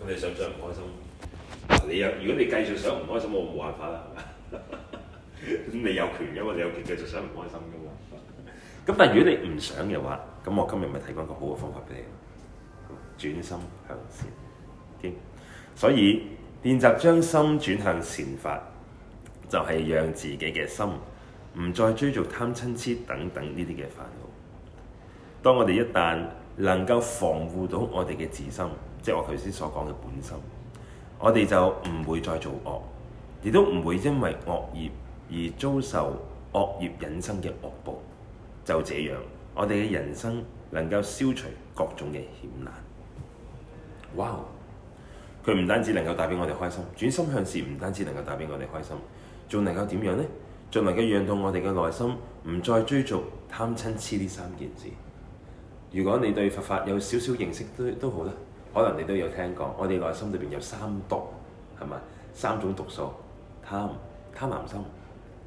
咁你想唔想唔開心？你又如果你繼續想唔開心，我冇辦法啦。 你有權，因為你有權繼續想唔開心噶嘛。咁 但係如果你唔想嘅話，咁我今日咪提供一個好嘅方法俾你，轉心向善。Okay? 所以練習將心轉向善法，就係、是、讓自己嘅心唔再追逐貪嗔痴等等呢啲嘅煩惱。當我哋一旦能夠防護到我哋嘅自心，即係我頭先所講嘅本心，我哋就唔會再做惡，亦都唔會因為惡業而遭受惡業引生嘅惡報。就這樣，我哋嘅人生能夠消除各種嘅險難。哇！佢唔單止能夠帶俾我哋開心，轉心向善唔單止能夠帶俾我哋開心，仲能夠點樣呢？仲能夠讓到我哋嘅內心唔再追逐貪嗔痴呢三件事。如果你對佛法有少少認識都都好啦。可能你都有聽過，我哋內心裏邊有三毒，係咪？三種毒素：貪貪婪心、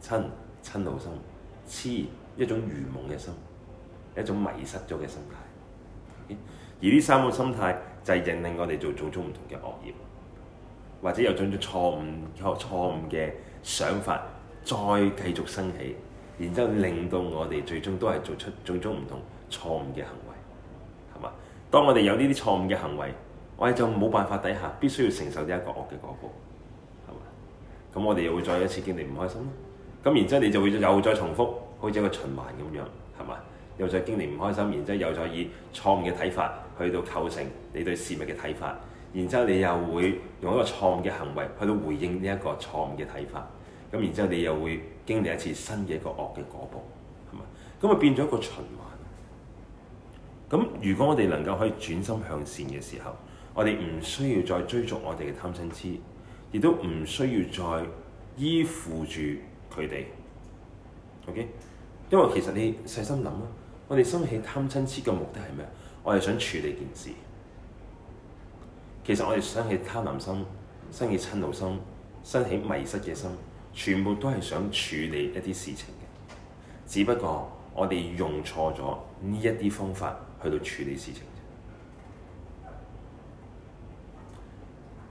嗔嗔怒心、痴一種愚蒙嘅心，一種迷失咗嘅心態，而呢三個心態就係引領我哋做種種唔同嘅惡業，或者有種種錯誤錯錯誤嘅想法，再繼續升起，然之後令到我哋最終都係做出種種唔同錯誤嘅行為。當我哋有呢啲錯誤嘅行為，我哋就冇辦法底下必須要承受呢一個惡嘅果報，係嘛？咁我哋又會再一次經歷唔開心啦。咁然之後你就會又再重複，好似一個循環咁樣，係嘛？又再經歷唔開心，然之後又再以錯誤嘅睇法去到構成你對事物嘅睇法，然之後你又會用一個錯誤嘅行為去到回應呢一個錯誤嘅睇法，咁然之後你又會經歷一次新嘅一個惡嘅果報，係嘛？咁啊變咗一個循環。咁如果我哋能夠可以轉心向善嘅時候，我哋唔需要再追逐我哋嘅貪嗔痴，亦都唔需要再依附住佢哋。OK，因為其實你細心諗啊，我哋生起貪嗔痴嘅目的係咩？我係想處理件事。其實我哋生起貪婪心、生起嗔怒心、生起迷失嘅心，全部都係想處理一啲事情嘅，只不過我哋用錯咗呢一啲方法。去到處理事情，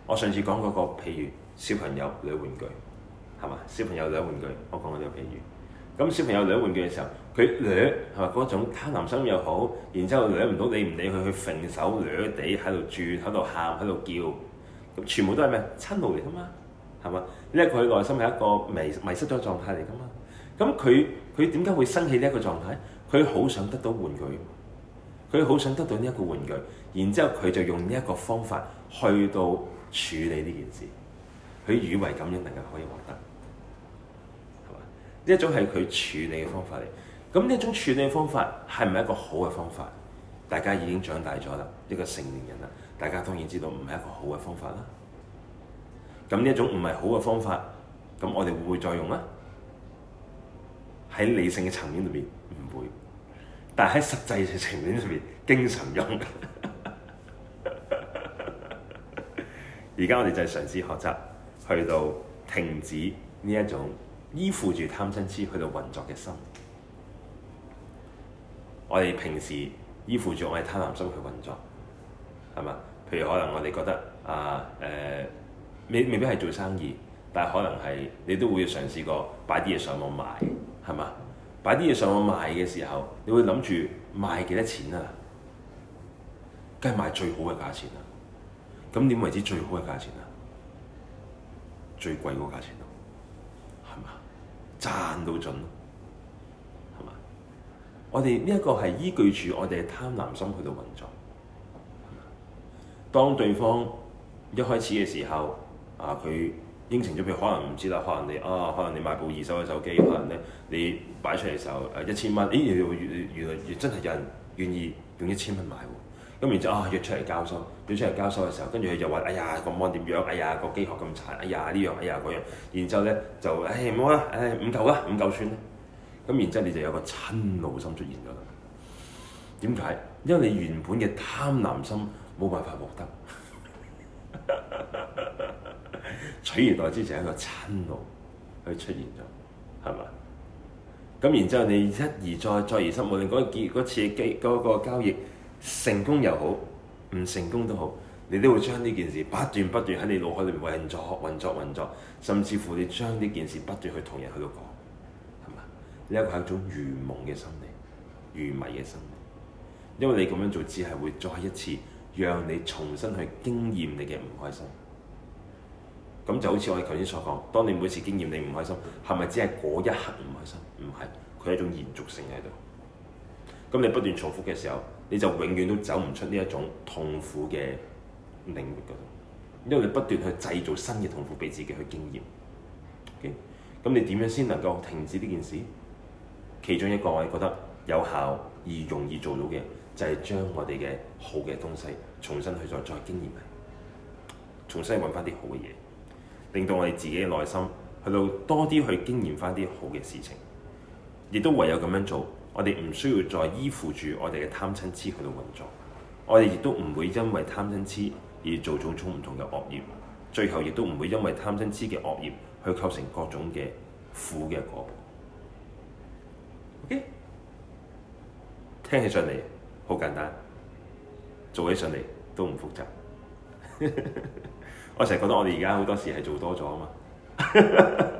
我上次講嗰個，譬如小朋友掠玩具，係嘛？小朋友掠玩，玩具，我講過呢個譬如。咁小朋友掠玩具嘅時候，佢掠係嘛嗰種貪婪心又好，然之後掠唔到，你唔理佢，佢揈手掠地喺度住，喺度喊，喺度叫，咁全部都係咩瞋怒嚟噶嘛？係嘛？因為佢內心係一個迷迷失咗狀態嚟噶嘛。咁佢佢點解會生起呢一個狀態？佢好想得到玩具。佢好想得到呢一個玩具，然之後佢就用呢一個方法去到處理呢件事，佢以為咁樣能夠可以獲得，係嘛？呢一種係佢處理嘅方法嚟，咁呢一種處理方法係唔係一個好嘅方法？大家已經長大咗啦，一個成年人啦，大家當然知道唔係一個好嘅方法啦。咁呢一種唔係好嘅方法，咁我哋會唔會再用啊？喺理性嘅層面裏邊，唔會。但喺實際嘅情面上面，經常 神用，而 家我哋就係嘗試學習去到停止呢一種依附住貪嗔痴去到運作嘅心。我哋平時依附住我哋貪婪心去運作，係嘛？譬如可能我哋覺得啊，誒、呃，未未必係做生意，但係可能係你都會嘗試過擺啲嘢上網賣，係嘛？擺啲嘢上網賣嘅時候，你會諗住賣幾多錢啊？梗係賣最好嘅價錢啦、啊。咁點為之最好嘅價錢啊？最貴嗰個價錢咯、啊，係嘛？賺到盡咯、啊，係嘛？我哋呢一個係依據住我哋嘅貪婪心去到運作。當對方一開始嘅時候，啊佢。應承咗，譬如可能唔知啦，可能你啊、哦，可能你買部二手嘅手機，可能咧你擺出嚟時候誒一千蚊，咦、哎，原來原來真係有人願意用一千蚊買喎、啊。咁然之後啊、哦、約出嚟交收，約出嚟交收嘅時候，跟住佢就話：哎呀個芒點樣？哎呀個機殼咁殘。哎呀呢樣，哎呀嗰樣。然之後咧就唉唔好啦，唉五嚿啦，五嚿算啦。咁然之後你就有個瞋怒心出現咗啦。點解？因為你原本嘅貪婪心冇辦法獲得。 取而代之就係一個瞋怒去出現咗，係嘛？咁然之後你一而再，再而三，無論嗰次機嗰交易成功又好，唔成功都好，你都會將呢件事不斷不斷喺你腦海裏面運作、運作、運作、運作，甚至乎你將呢件事不斷去同人去度講，係嘛？呢一個係一種愚蒙嘅心理、愚迷嘅心理，因為你咁樣做，只係會再一次讓你重新去經驗你嘅唔開心。咁就好似我哋頭先所講，當你每次經驗你唔開心，係咪只係嗰一刻唔開心？唔係，佢係一種延續性喺度。咁你不斷重複嘅時候，你就永遠都走唔出呢一種痛苦嘅領域嗰度，因為你不斷去製造新嘅痛苦俾自己去經驗。嘅，咁你點樣先能夠停止呢件事？其中一個我覺得有效而容易做到嘅，就係將我哋嘅好嘅東西重新去再再經驗啊，重新揾翻啲好嘅嘢。令到我哋自己嘅內心去到多啲去經驗翻啲好嘅事情，亦都唯有咁樣做，我哋唔需要再依附住我哋嘅貪嗔痴去到運作，我哋亦都唔會因為貪嗔痴而做種種唔同嘅惡業，最後亦都唔會因為貪嗔痴嘅惡業去構成各種嘅苦嘅果。OK，聽起上嚟好簡單，做起上嚟都唔複雜。 我成日覺得我哋而家好多時係做多咗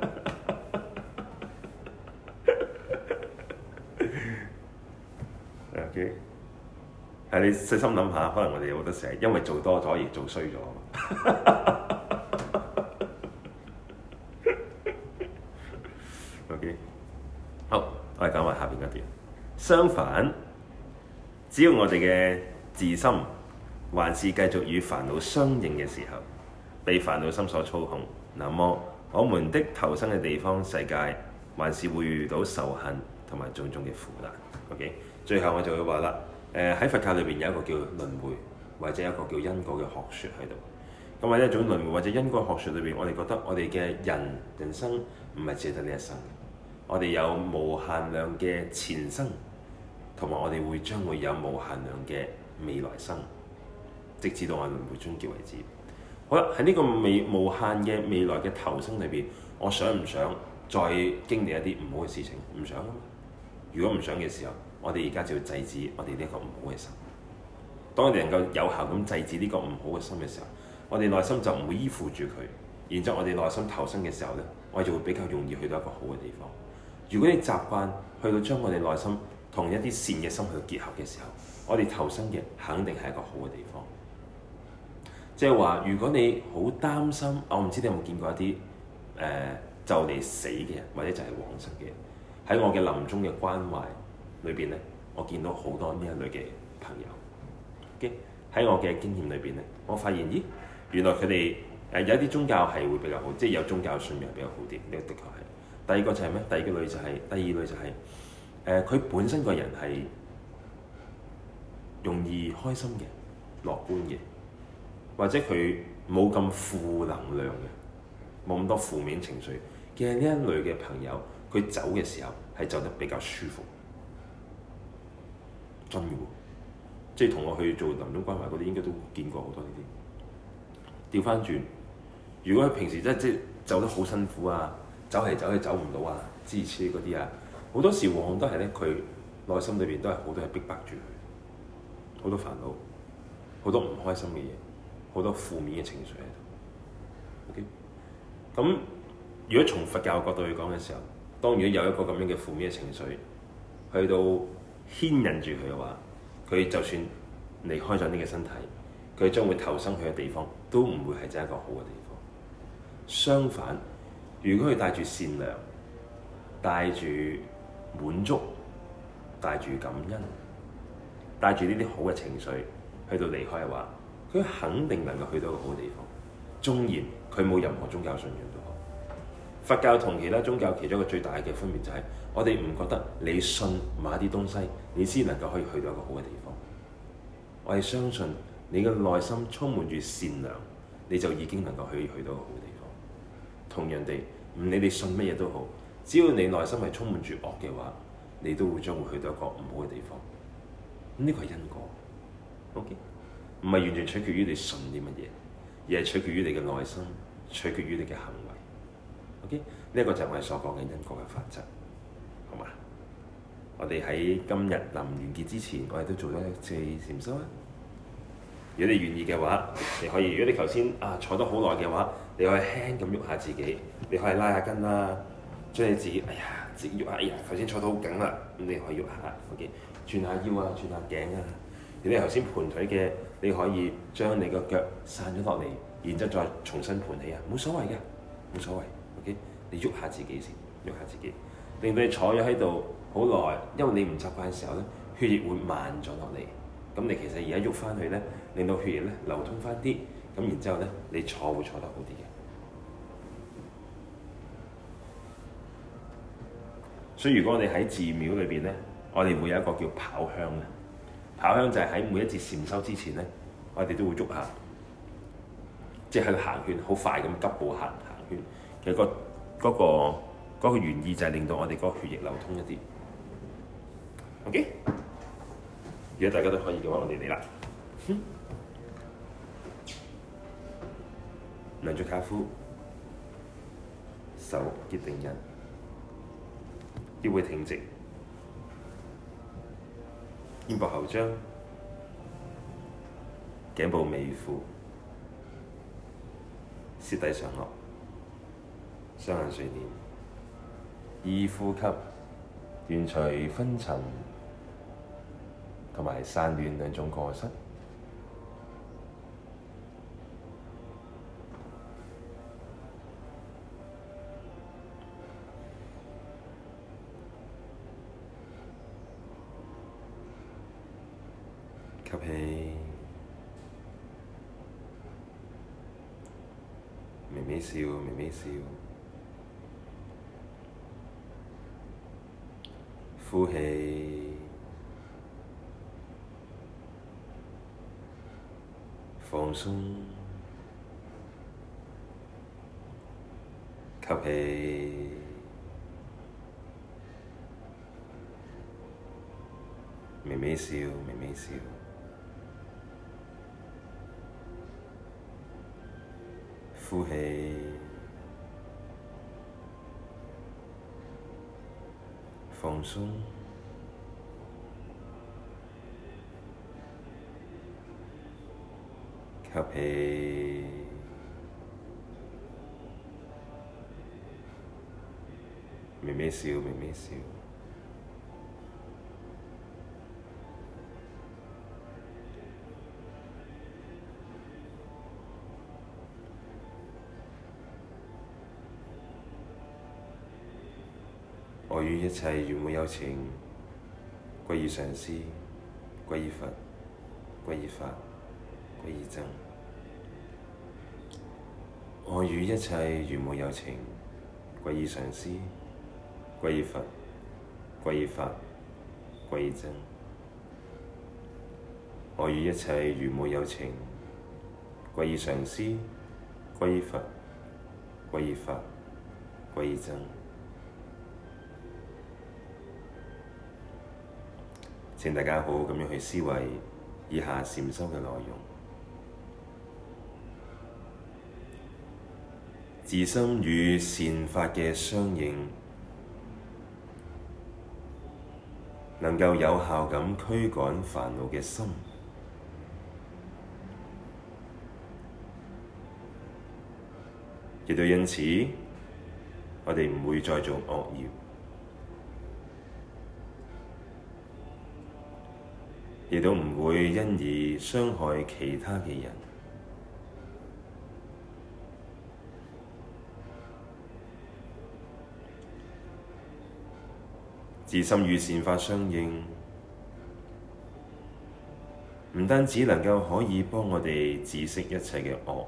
Okay. 啊！嘛，OK，係你細心諗下，可能我哋有好多時係因為做多咗而做衰咗啊嘛。 OK，好，我哋講埋下邊一段。相反，只要我哋嘅自心還是繼續與煩惱相應嘅時候。被煩惱心所操控，那麼我們的投生嘅地方世界，還是會遇到仇恨同埋種種嘅苦難。OK，最後我就會話啦，誒、呃，喺佛教裏邊有一個叫輪迴或者一個叫因果嘅學說喺度。咁喺一種輪迴或者因果學說裏邊，我哋覺得我哋嘅人人生唔係只得呢一生，我哋有無限量嘅前生，同埋我哋會將會有無限量嘅未來生，直至到我輪迴終結為止。喺呢個未無限嘅未來嘅投生裏邊，我想唔想再經歷一啲唔好嘅事情？唔想啦。如果唔想嘅時候，我哋而家就要制止我哋呢個唔好嘅心。當我哋能夠有效咁制止呢個唔好嘅心嘅時候，我哋內心就唔會依附住佢。然之後我哋內心投生嘅時候咧，我哋就會比較容易去到一個好嘅地方。如果你習慣去到將我哋內心同一啲善嘅心去結合嘅時候，我哋投生嘅肯定係一個好嘅地方。即係話，如果你好擔心，我唔知你有冇見過一啲誒、呃、就嚟死嘅人，或者就係往生嘅人，喺我嘅臨終嘅關懷裏邊咧，我見到好多呢一類嘅朋友嘅喺、okay? 我嘅經驗裏邊咧，我發現咦，原來佢哋誒有一啲宗教係會比較好，即係有宗教信仰比較好啲，呢、這個的確係。第二個就係咩、就是？第二類就係第二類就係誒，佢、呃、本身個人係容易開心嘅、樂觀嘅。或者佢冇咁負能量嘅，冇咁多負面情緒，其實呢一類嘅朋友，佢走嘅時候係走得比較舒服，真嘅喎。即係同我去做臨終關懷嗰啲，應該都見過好多呢啲。調翻轉，如果佢平時真係即係走得好辛苦啊，走嚟走去走唔到啊，支持你嗰啲啊，好多時往往都係咧，佢內心裏邊都係好多係逼迫住佢，好多煩惱，好多唔開心嘅嘢。好多負面嘅情緒喺度。O.K. 咁如果從佛教嘅角度去講嘅時候，當如果有一個咁樣嘅負面嘅情緒，去到牽引住佢嘅話，佢就算離開咗呢個身體，佢將會投生去嘅地方都唔會係真係一個好嘅地方。相反，如果佢帶住善良、帶住滿足、帶住感恩、帶住呢啲好嘅情緒去到離開嘅話，佢肯定能夠去到一個好嘅地方，縱然佢冇任何宗教信仰都好。佛教同其他宗教其中一個最大嘅分別就係，我哋唔覺得你信某一啲東西，你先能夠可以去到一個好嘅地方。我哋相信你嘅內心充滿住善良，你就已經能夠可以去到一個好嘅地方。同樣地，唔理你信乜嘢都好，只要你內心係充滿住惡嘅話，你都會將會去到一個唔好嘅地方。呢個係因果，OK。唔係完全取決於你信啲乜嘢，而係取決於你嘅內心，取決於你嘅行為。OK，呢一個就係我哋所講嘅因果嘅法則，好嘛？我哋喺今日臨完結之前，我哋都做咗一次禪修啊。嗯、如果你願意嘅話，你可以；如果你頭先啊坐得好耐嘅話，你可以輕咁喐下自己，你可以拉下筋啦，將你自己哎呀，自己喐下。哎呀，頭先坐得好緊啦，咁你可以喐下。OK，轉下腰啊，轉下頸啊。嗯、如果你頭先盤腿嘅。你可以將你個腳散咗落嚟，然之後再重新盤起啊，冇所謂嘅，冇所謂。OK，你喐下自己先，喐下自己，令到你坐咗喺度好耐，因為你唔習慣嘅時候呢，血液會慢咗落嚟。咁你其實而家喐翻佢呢，令到血液呢流通翻啲，咁然之後呢，你坐會坐得好啲嘅。所以如果你喺寺廟裏邊呢，我哋會有一個叫跑香嘅。跑香就係喺每一節禪修之前呢，我哋都會郁下，即係喺度行圈，好快咁急步行行圈。其實嗰、嗰個嗰個嗰個原意就係令到我哋嗰個血液流通一啲。OK，如果大家都可以嘅話，我哋嚟啦。嗯、兩隻骹夫，手結定印，腰會挺直。肩膊後張，頸部微俯，舌抵上顎，雙眼垂簾，意呼吸，斷除昏沉，同埋散亂兩種過失。吸氣，微微笑，微微笑，呼氣，放鬆，吸氣，微微笑，微微笑。呼氣，放鬆，吸氣，微微笑，微微笑。一切如母有情，歸於上師，歸於佛，歸於法，歸於僧。我與一切如母有情，歸於上師，歸於佛，歸於法，歸於僧。我與一切如母有情，歸於上師，歸於佛，歸於法，歸於僧。請大家好好咁樣去思維以下善心嘅內容，自心與善法嘅相應，能夠有效咁驅趕煩惱嘅心，亦都因此，我哋唔會再做惡業。亦都唔會因而傷害其他嘅人，自心與善法相應，唔單止能夠可以幫我哋自識一切嘅惡，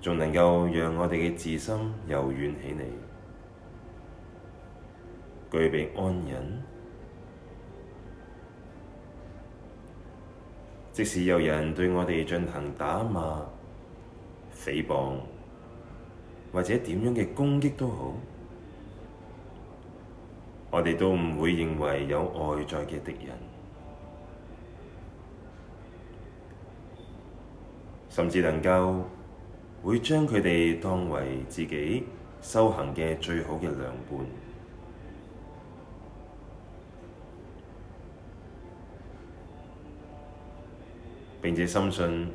仲能夠讓我哋嘅自心柔軟起嚟。具備安忍，即使有人對我哋進行打罵、誹謗或者點樣嘅攻擊都好，我哋都唔會認為有外在嘅敵人，甚至能夠會將佢哋當為自己修行嘅最好嘅良伴。並且深信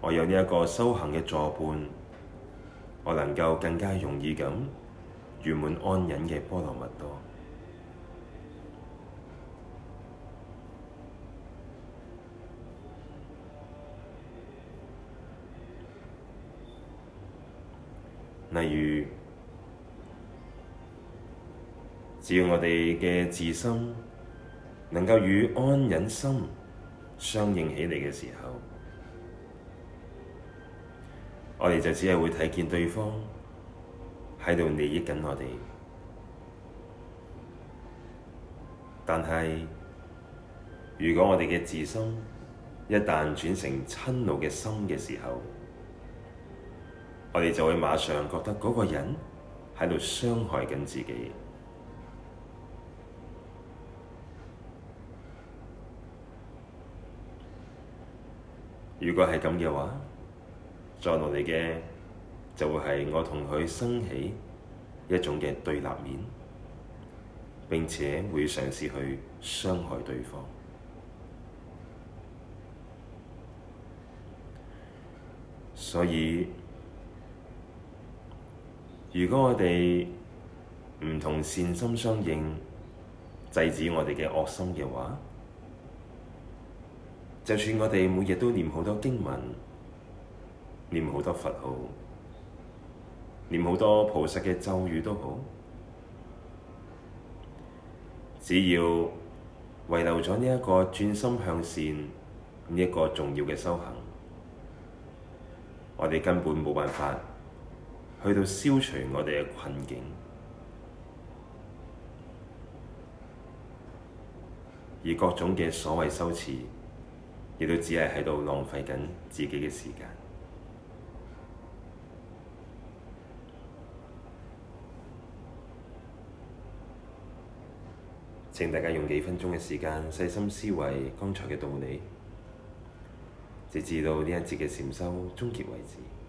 我有呢一個修行嘅助伴，我能夠更加容易咁圓滿安忍嘅波羅蜜多。例如，只要我哋嘅自心能夠與安忍心。相應起嚟嘅時候，我哋就只係會睇見對方喺度利益緊我哋。但係，如果我哋嘅自心一旦轉成嗔怒嘅心嘅時候，我哋就會馬上覺得嗰個人喺度傷害緊自己。如果係咁嘅話，再落嚟嘅就會係我同佢生起一種嘅對立面，並且會嘗試去傷害對方。所以，如果我哋唔同善心相應，制止我哋嘅惡心嘅話，就算我哋每日都念好多經文，念好多佛號，念好多菩薩嘅咒語都好，只要遺留咗呢一個轉心向善呢一個重要嘅修行，我哋根本冇辦法去到消除我哋嘅困境，而各種嘅所謂修持。亦都只係喺度浪費緊自己嘅時間。請大家用幾分鐘嘅時間，細心思維剛才嘅道理，直至到呢一節嘅禪修終結為止。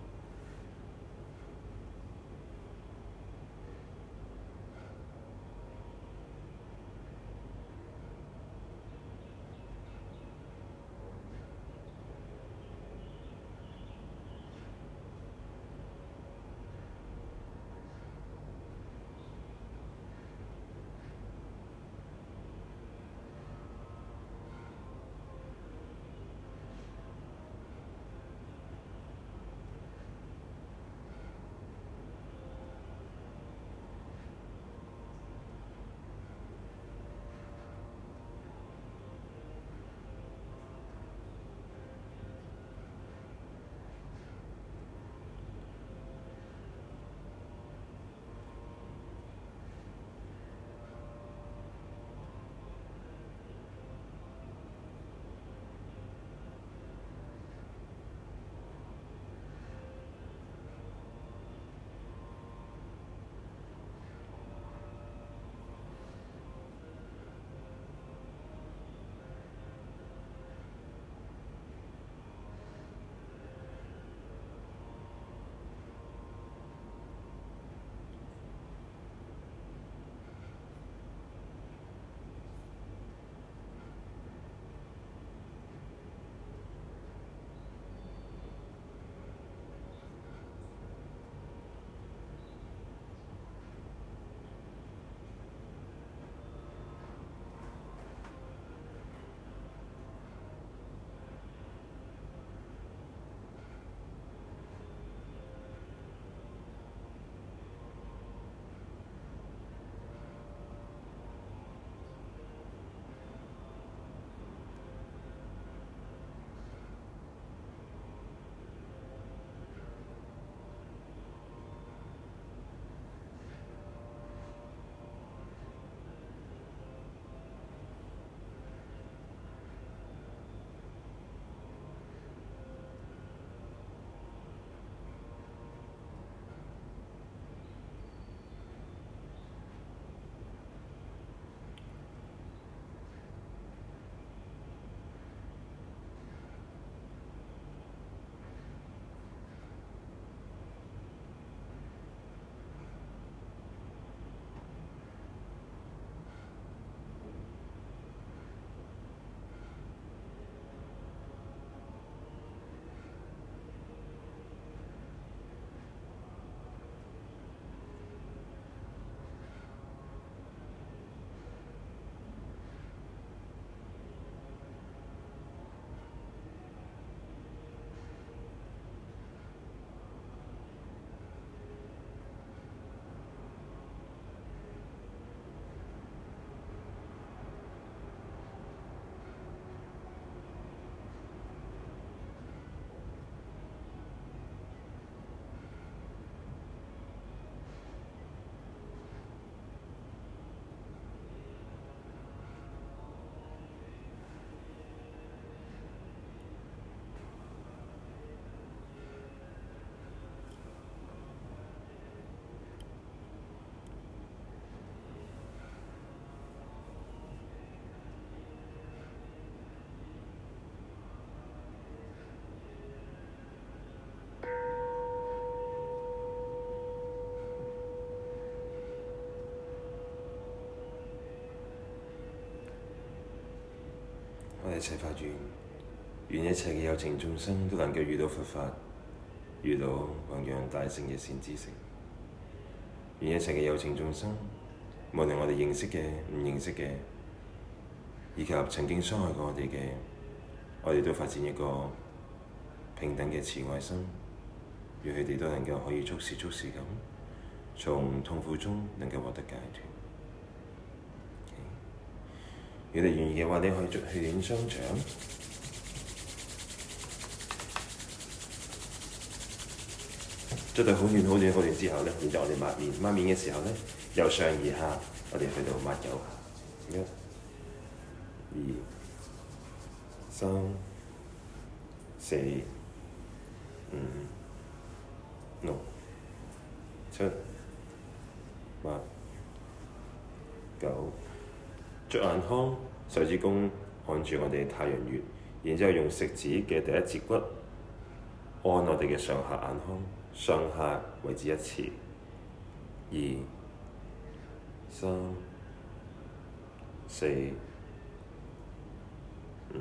一切發願，願一切嘅有情眾生都能夠遇到佛法，遇到弘揚大乘嘅善知識。願一切嘅有情眾生，無論我哋認識嘅、唔認識嘅，以及曾經傷害過我哋嘅，我哋都發展一個平等嘅慈愛心，願佢哋都能夠可以觸事觸事咁，從痛苦中能夠獲得解脫。你哋願意嘅話，你可以去影商場。出到好遠好遠好遠之後呢，然後我哋抹面抹面嘅時候呢，由上而下，我哋去到抹油。一、二、三、四、五、六、七、八、九。着眼眶，手指公看住我哋太陽穴，然之後用食指嘅第一節骨按我哋嘅上下眼眶，上下位置一次，二、三、四、五、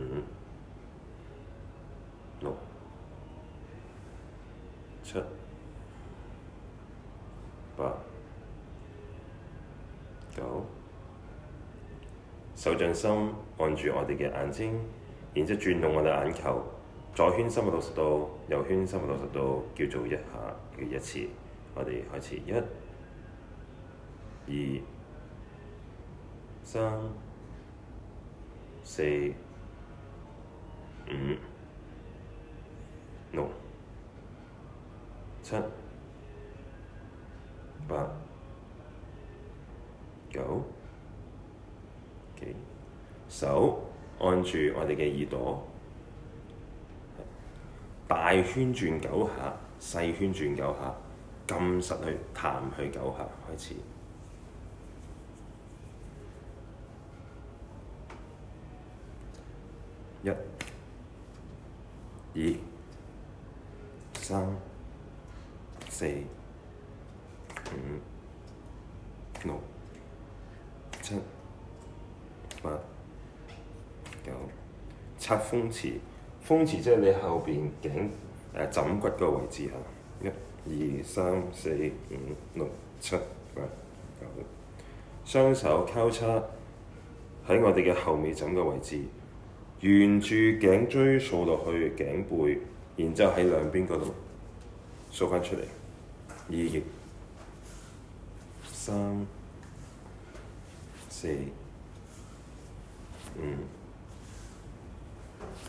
六、七、八、九。手掌心按住我哋嘅眼睛，然之後轉動我哋眼球，左圈三百六十度，右圈三百六十度，叫做一下嘅一次。我哋開始，一、二、三、四、五、六、七、八、九。手按住我哋嘅耳朵，大圈轉九下，細圈轉九下，撳實去彈去九下，開始。一、二、三、四。測風池，風池即係你後邊頸誒、啊、枕骨個位置嚇，一、二、三、四、五、六、七、八、九，雙手交叉喺我哋嘅後尾枕個位置，沿住頸椎掃落去頸背，然之後喺兩邊嗰度掃翻出嚟，二、三、四、五。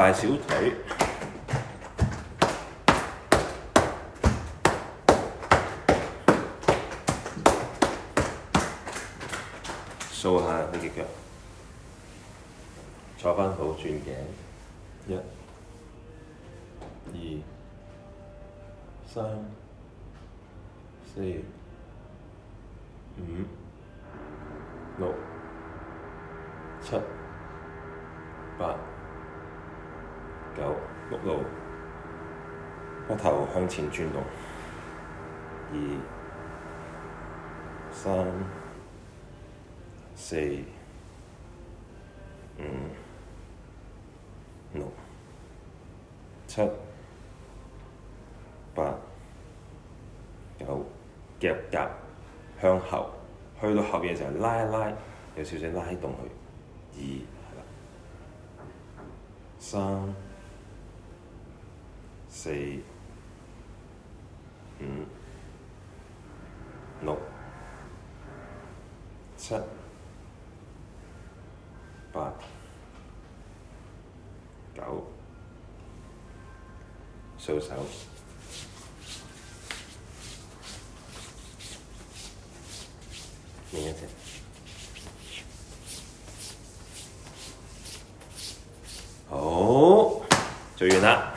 大小腿，掃下呢隻腳，坐翻好，轉頸，一、二、三、四。向前轉動，二、三、四、五、六、七、八，九。夾夾，向後去到後邊嘅時候拉一拉，有少少拉動佢，二、三、四。五、六、七、八、九，數手，完成，好，做完啦。